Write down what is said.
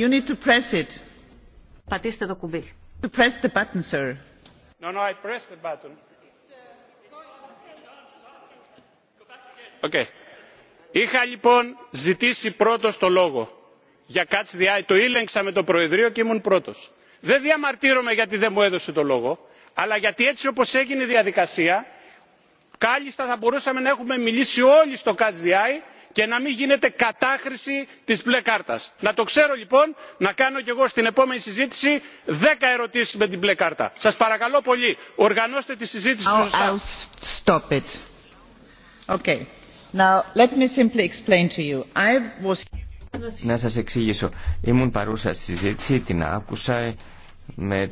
You need to press it. Πατήστε το κουμπί. To press the button, sir. No, Okay. Είχα λοιπόν ζητήσει πρώτος το λόγο για κάτι Το ήλεγξα με το Προεδρείο και ήμουν πρώτος. Δεν διαμαρτύρομαι γιατί δεν μου έδωσε το λόγο, αλλά γιατί έτσι όπως έγινε η διαδικασία, κάλλιστα θα μπορούσαμε να έχουμε μιλήσει όλοι στο catch και να μην γίνεται κατάχρηση της μπλε κάρτας. Να το ξέρω λοιπόν, να κάνω κι εγώ στην επόμενη συζήτηση δέκα ερωτήσεις με την μπλε κάρτα. Σας παρακαλώ πολύ, οργανώστε τη συζήτηση σωστά. stop Να σας εξηγήσω. Ήμουν παρούσα στη συζήτηση, την άκουσα με